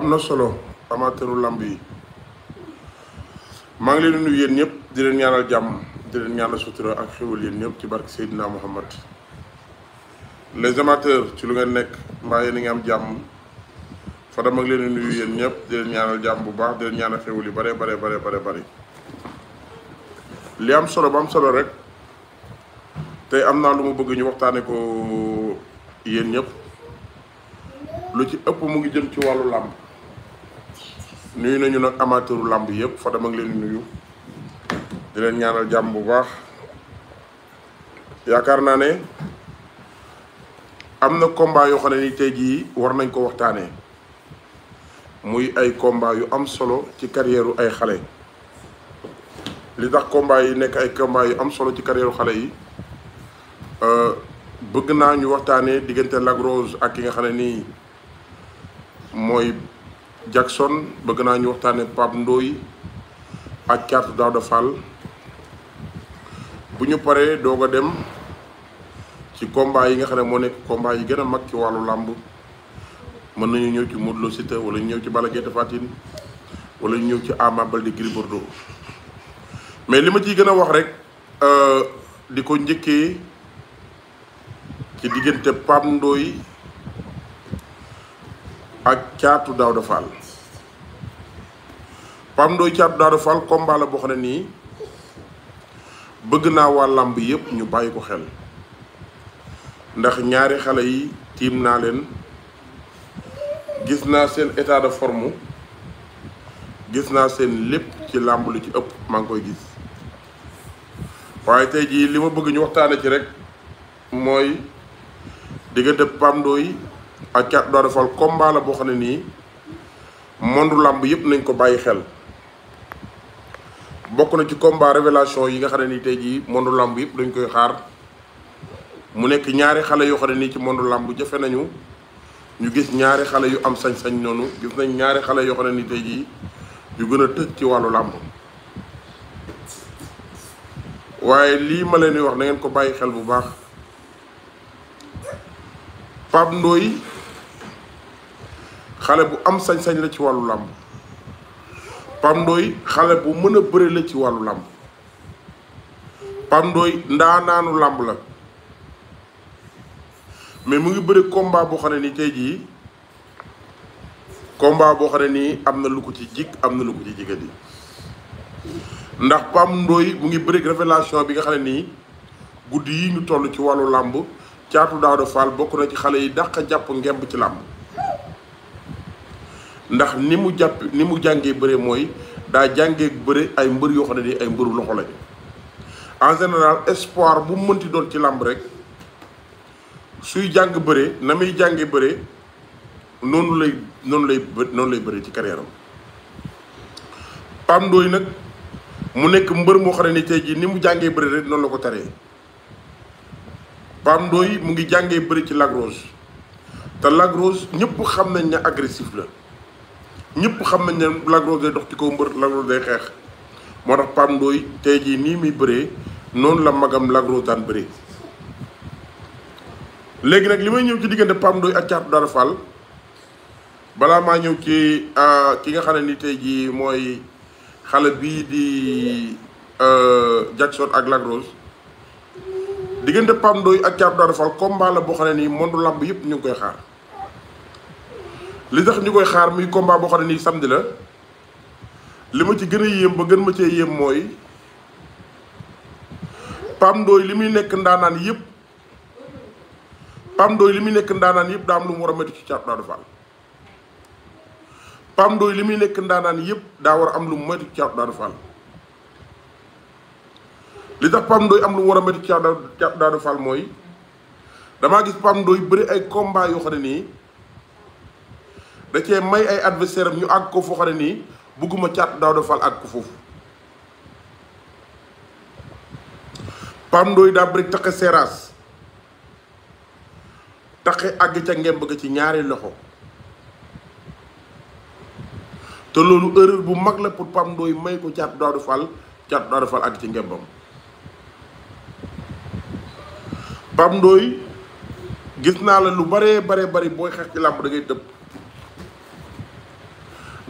am na solo amateuru làmb yi maa ngi leen nuyu yéen ñëpp di leen ñaanal jàmm di leen ñaanal sutura ak xéwal yéen ñëpp ci barke Seydina Muhammad les amateurs ci lu ngeen nekk mbaa yéen ngi am jàmm Fadam ak leen nuyu yéen ñëpp di leen ñaanal jàmm bu baax di leen ñaanal xéwal yu bare bare bare bare bëri li am solo ba am solo rek tey am naa lu mu bëgg ñu waxtaane ko yéen ñëpp lu ci ëpp mu ngi jëm ci wàllu làmb nuyu nañu nag amateuru làmb yëpp fa dama ngi leen nuyu di leen ñaanal jàmm bu baax yaakaar naa ne am na combat yoo xam ne ni tey jii war nañ ko waxtaanee muy ay combat yu am solo ci carrière ay xale li tax combat yi nekk ay combat yu am solo ci carrière xale yi euh, bëgg naa ñu waxtaanee diggante Lac Rose ak ki nga xam ne nii mooy Jackson bëgg naa ñu waxtaane Pape Ndoye ak Thiatou Daouda Fall bu ñu paree doog a dem ci combat yi nga xam ne moo nekk combat yi gën a mag ci wàllu làmb mën nañu ñëw ci Modou Lo Siteu wala ñëw ci Balla Gaye Tapha Tine wala ñëw ci Ama Baldé Gris Bordeaux mais li ma ciy gën a wax rek euh, di ko njëkkee ci diggante Pape Ndoye ak caatu Daouda Fall Pam Ndoy caatu Daouda Fall combat la boo ne nii bëgg naa waa làmb yépp ñu bàyyi ko xel ndax ñaari xale yi tiim naa leen gis naa seen état de forme gis naa seen lépp ci làmb lu ci ëpp maa ngi koy gis waaye tey jii li ma bëgg ñu waxtaane ci rek mooy diggante Pam Ndoy ak Thiatou Daouda Fall combat boo xam ne nii mondu làmb yëpp nañ ko bàyyi xel bokk na ci combat révélation yi nga xam ne nii tey jii mondu làmb yëpp dañ koy xaar mu nekk ñaari xale yoo xam ne nii ci mondu làmb jafe nañu ñu gis ñaari xale yu am sañ-sañ noonu gis nañ ñaari xale yoo xam ne nii tey jii yu gën a tëj ci wàllu làmb waaye lii ma leen di wax nangeen ko bàyyi xel bu baax Pape Ndoye xale bu am sañ-sañ la ci wàllu làmb Pam Ndoye xale bu mën a bëre la ci wàllu làmb Pam Ndoye naanu làmb la mais mu ngi bëri combat boo xam ne nii tey jii komba boo xam ne nii am na lu ko ci jig am na lu ko ci jigéen yi ndax Pam Ndoye mu ngi bëri révélation bi nga xam ne nii guddi yi ñu toll ci wàllu làmb caatu daaw de Fall bokk na ci xale yi dàq jàpp ngemb ci làmb ndax ni mu jàpp ni mu jàngee bëre mooy daa jàngee bëre ay mbër yoo xam ne ni ay mbëru loxo lañu en général espoir bu mënti doon ci làmb rek suy jàng bëre na muy jàngee bëre noonu lay noonu lay noonu lay bëre ci carrière am Pape Ndoye nag mu nekk mbër moo xam ne ni tey jii ni mu jàngee bëre rek noonu la ko taree Pape Ndoye mu ngi jàngee bëre ci Lac Rose te Lac Rose ñëpp xam nañ ne agressif la ñëpp xam nañ ne Lac Rose ci kaw mbër Lac Rose xeex moo tax Pape Ndoye tey jii nii muy bëree noonu la magam Lac Rose daan bëree. léegi nag li may ñëw ci diggante Pape Ndoye ak Thiatou Daouda Fall balaa maa ñëw ci ah, ki nga xam ni tey jii mooy xale bii di ah, Jackson ak Lac Rose diggante Pape Ndoye ak Thiatou la boo xam ne nii monde lamb yëpp ñu ngi koy xaar. li tax ñu koy xaar muy kombaa boo xam ne nii samedi la li ma ci gën a yéem ba gën ma cee yéem mooy Pam Ndoye li muy nekk ndaanaan yépp Pam Ndoye li muy nekk ndaanaan yëpp daa am lu mu war a métti ci Thiatou Daouda Fall Pam Ndoye li muy nekk ndaanaan yëpp daa a am lu mu métti ci Thiatou Daouda Fall tax Pam Ndoye am lu mu war a métti ci Thiatou Daouda mooy damaa gis Pam Ndoye bari ay combat yoo xam ne nii. da cee may ay adversaire am ñu àgg ko ne nii bugguma caat daaw foofu pam Ndoye daa bëri taqe seeraas taqe àgg ca ngemb ga ci ñaari loxo te loolu erreur bu mag la pour Pape Ndoye may ko caat daaw da fal caat daaw àgg ci ngembam pam Ndoye gis naa la lu bare bare bari booy xeex ci làmb da ngay tëb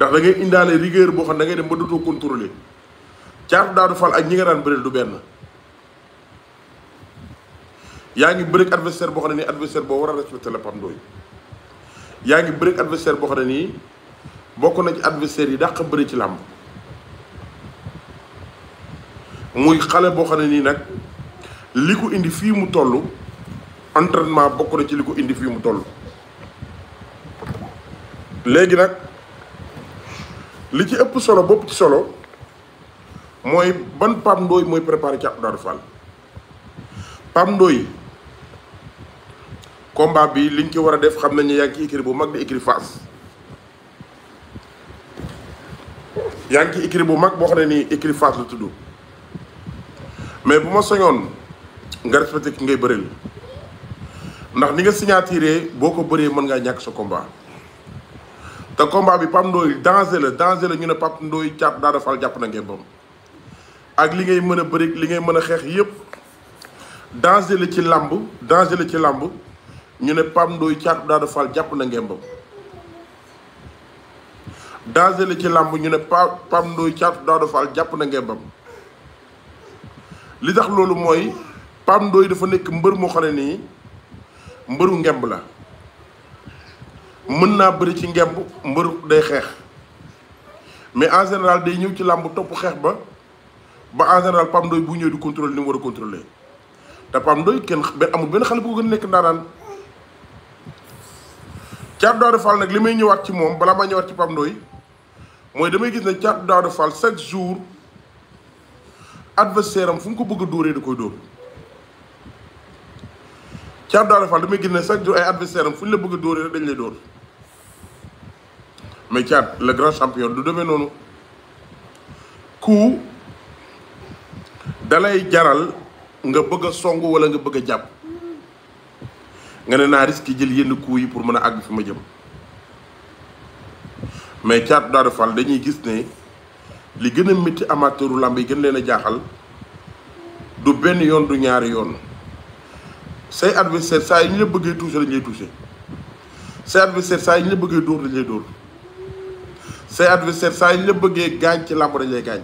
ndax da ngay indaale rigueur boo xam da ngay dem ba dootoo contrôler caatu daadu fal ak ñi nga daan bëreel du benn yaa ngi bëri adversaire boo xam ne nii adversaire boo war a respecté la Pape Ndoye yaa ngi bëri adversaire boo xam ne nii bokk na ci adversaire yi dàq bëri ci làmb muy xale boo xam ne nii nag li ko indi fii mu toll entraînement bokk na ci li ko indi fii mu toll léegi nag. li ci ëpp solo bop ci solo moy ban pam ndoy moy préparer ci Abdou Fall pam ndoy combat bi liñ ci wara def xam nañu bu mag di écrit face yaa écrit bu mag bo xone ni nii écrit face la tuddu mais buma soñon nga respecté ngay bëreul ndax ni nga boko mën sa combat te combat bi Pape Ndoye danger la danger la ñu ne Pape Ndoye jàpp Daouda Fall jàpp na ngembam ak li ngay mën a bëri li ngay mën a xeex yëpp danger la ci làmb danger la ci làmb ñu ne Pape Ndoye caatu Daouda jàpp na ngembam danger la ci làmb ñu ne Pa Pape Ndoye caatu Daouda Fall jàpp na ngembam li tax loolu mooy Pape Ndoye dafa nekk mbër moo xam ne nii mbëru ngemb la mën naa bëri ci ngemb mbër day xeex mais en général day ñëw ci làmb topp xeex ba ba en général Pam Ndoy bu ñëwee du contrôler ni mu war a contrôler te Pam Ndoy kenn benn amul benn xale bu ko gën a nekk ndaanaan Thiatou Daouda Fall nag li may ñëwaat ci moom balaa ma ñëwaat ci Pam Ndoy mooy damay gis ne Thiatou Daouda Fall chaque jour adversaire am fu mu ko bëgg a dóoree da koy dóor Thiatou Daouda Fall damay gis ne chaque jour ay adversaire am fu ñu la bëgg a dañ lay dóor. mais Thiat le grand champion du demee noonu ku dalay jaral nga bëgg a song wala nga bëgg a jàpp nga ne naa risque jël yenn coups yi pour mën a àgg fi ma jëm mais Thiat Daouda Fall dañuy gis ne li gën a métti amateuru làmb yi gën leen a jaaxal du benn yoon du ñaari yoon say adversaire saa yi ñu la bëggee touché dañ lay touché say adversaire saa yi ñu la bëggee dóor dañ lay dóor say adversaire saa yi ñu la bëggee gaañ ci làmb dañ lay gaañ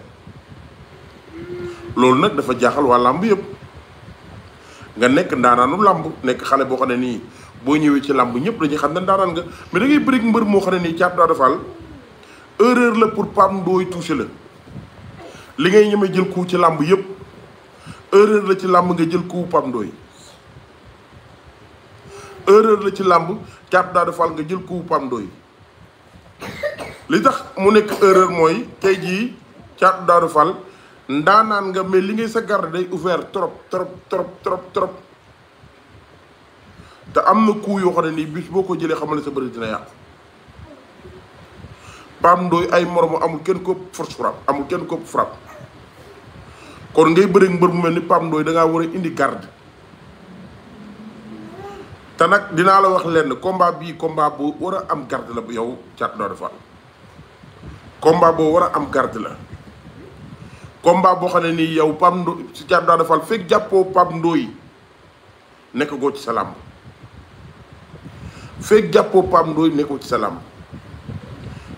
loolu nag dafa jaaxal waa làmb yëpp nga nekk ndaanaanu làmb nekk xale boo xam ne nii boo ñëwee ci làmb ñëpp dañuy xam ne ndaanaan nga mais da ngay bëri mbër moo xam ne nii caatu daa defal erreur la pour pam dooy touché la li ngay ñemee jël ku ci làmb yëpp erreur la ci làmb nga jël ku pam dooy la ci làmb caatu daa nga jël ku pam dooy li tax mu nekk erreur mooy tey jii Thiatou Darou Fall ndaanaan nga mais li ngay sa garde day ouvert trop trop trop trop trop te am na ku yoo xam ne nii bis boo ko jëlee xamal sa bëri dina yàqu Pam Ndoy ay moromu amul kenn ko force amul kenn ko frappe kon ngay bëri mbër mu mel ni Pam Ndoy da war a indi garde te nag dinaa la wax lenn combat bii combat bu war a am garde la bu yow Thiatou Darou Fall combat boo war a am garde la combat boo xam ne nii yow Pape Ndo si jàpp daa defal fekk jàppoo Pape Ndoye nekk ci sa làmb fekk jàppoo nekkoo ci sa làmb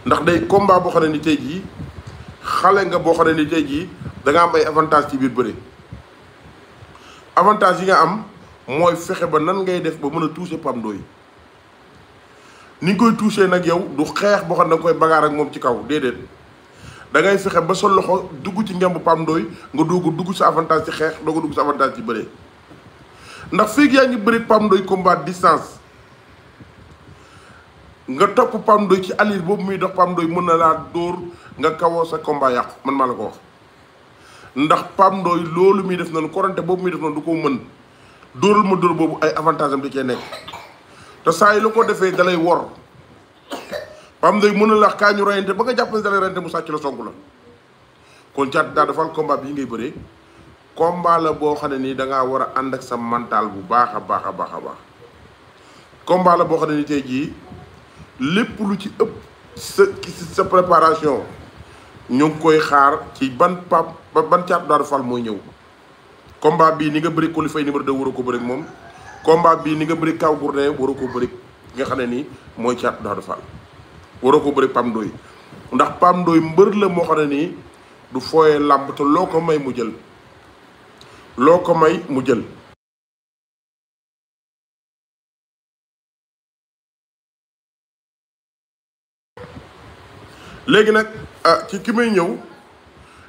ndax day komba boo xam ne ni tey jii xale nga boo xam ne ni tey jii da nga am ay avantage ci biir bëre avantage yi nga am mooy fexe ba nan ngay def ba mën a toucher Pape Ndoye ni koy tuusee nag yow du xeex boo xam ne da nga koy bagaar ak moom ci kaw déedéet da ngay fexe ba sa loxo dugg ci ngemb Pape Ndoye nga doog a dugg sa avantage ci xeex doog dugg sa avantage ci bëree ndax fii yaa ngi bëri Pape Ndoye combat distance nga topp Pape Ndoye ci allure boobu muy dox Pape Ndoye mën na laa dóor nga kawoo sa combat yàqu man maa la ko wax. ndax Pape Ndoye loolu muy def noonu korante boobu muy def noonu lu koo mën dóoral ma dóor boobu ay avantage am di cee nekk. te saa lu ko defé dalay wor pam day mëna la lax kaa ba nga japp ne dalay reyante mu sacc la songu la kon cat da dafal combat bi ngay bëré combat la bo xam ni da nga war and ak sa mental bu baaxa baaxa baaxa baax combat la bo xam ni tay ji lepp lu ci ëpp sa sa préparation ñu koy xaar ci ban pap ban caatu da dafal mooy ñëw combat bi ni nga bëri Coly numéro 2 wuro ko bëri mom combat bii ni nga bëri kaw Gourdin waroo ko bëri nga xam ne nii mooy caatu Daouda Fall waroo ko bëri Pam ndax Pam Ndoye mbër la moo xam ne nii du fooyee làmb te loo ko may mu jël loo ko may mu jël léegi nag ah, ci ki may ñëw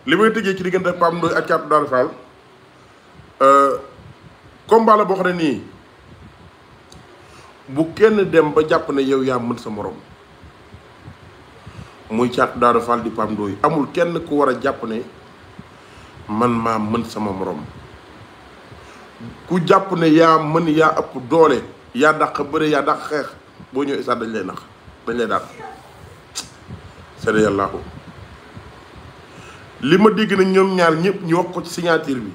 li may tëjee ci diggante Pam Ndoye ak caatu Daouda Fall euh, combat la boo xam ne nii bu kenn dem ba jàpp na yow yaa mën sa morom muy caatu Daara Fall di Pape Ndoye amul kenn ku war a jàpp ne man maa mën sama morom ku jàpp ne yaa mën yaa ëpp doole yaa dàq bëre yaa dàq xeex boo ñëwee isaat dañ lay nax dañ lay daal sede yàllaahu li ma dégg na ñoom ñaar ñëpp ñu wax ko ci siñaatiir bi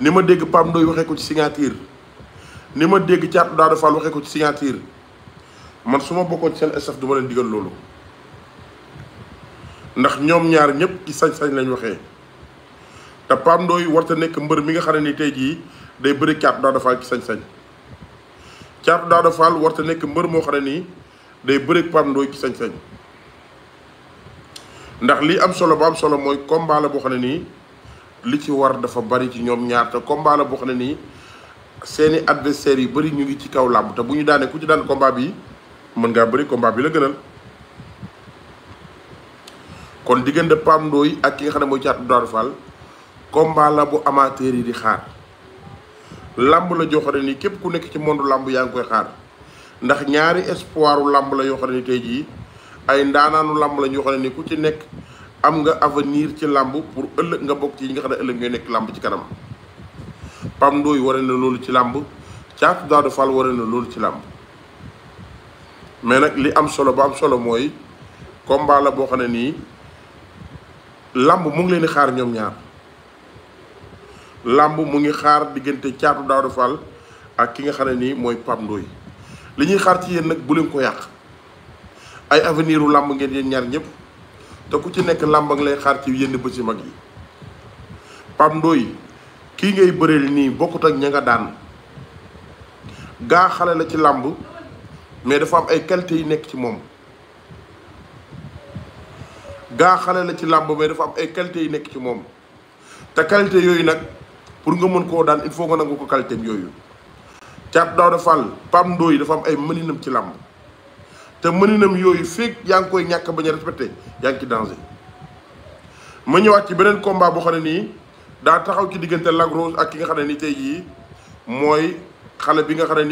ni ma dégg Pape Ndoye waxee ko ci signature li ma dégg Thiatou Daouda Fall waxee ko ci signature man su ma bokkoon ci seen staff du ma leen digal loolu ndax ñoom ñaar ñëpp ci sañ-sañ lañ waxee te Pape Ndoye war nekk mbër mi nga xam ne ni tey jii day bëri Thiatou Daouda Fall ci sañ-sañ Thiatou Daouda Fall warta nekk mbër moo xam ne nii day bëri Pape Ndoye ci sañ-sañ ndax li am solo ba am solo mooy combat la boo xam ne nii li ci war dafa bari ci ñoom ñaar te combat la boo xam ne nii seeni adversaires yi bari ñu ngi ci kaw làmb te bu ñu daanee ku ci daan combat yi mën ngaa bëri combat bi la gënal kon diggante Pape Ndoye ak ki nga xam ne mooy Thiatou Daouda Fall combat bu amateur yi di xaar làmb la joo xam nii képp ku nekk ci monde làmb yaa ngi koy xaar ndax ñaari espoiru làmb la yoo xam ne ni tey jii ay ndaanaanu làmb la ñoo xam ne ku ci nekk am nga avenir ci làmb pour ëllëg nga bokk ci yi nga xam ne ëllëg ngay nekk làmb ci kanam Pam Ndoy waree na loolu ci làmb Thiatou Daouda Fall waral na loolu ci làmb mais nag li am solo ba am solo mooy combat boo xam ne nii làmb mu ngi leen di xaar ñoom ñaar làmb mu ngi xaar diggante caatu Daouda Fall ak ki nga xam ne nii mooy Pam Ndoy li ñuy xaar ci yéen nag bu leen ko yàq ay avenir làmb ngeen yéen ñaar ñëpp te ku ci nekk làmb nga lay xaar ci yenn bés yu mag yi Pam Ndoy kii ngay bëri nii bokkut ak ña nga daan gaa xale la ci làmb mais dafa am ay qualité yu nekk ci moom gaa xale la ci làmb mais dafa am ay qualité yu nekk ci moom te qualité yooyu nag pour nga mën koo daan il faut nga nangu ko qualité yooyu Thiatou Daouda Fall Pape Ndoye dafa am ay mëninam ci làmb te mëninam yooyu fekk yaa ngi koy ñàkk bañ a respecté yaa ngi ci danger ma ñëwaat ci beneen combat boo xam ne nii daa taxaw ci diggante Lac Rose ak ki nga xam ne ni tey mooy xale bi nga xam ne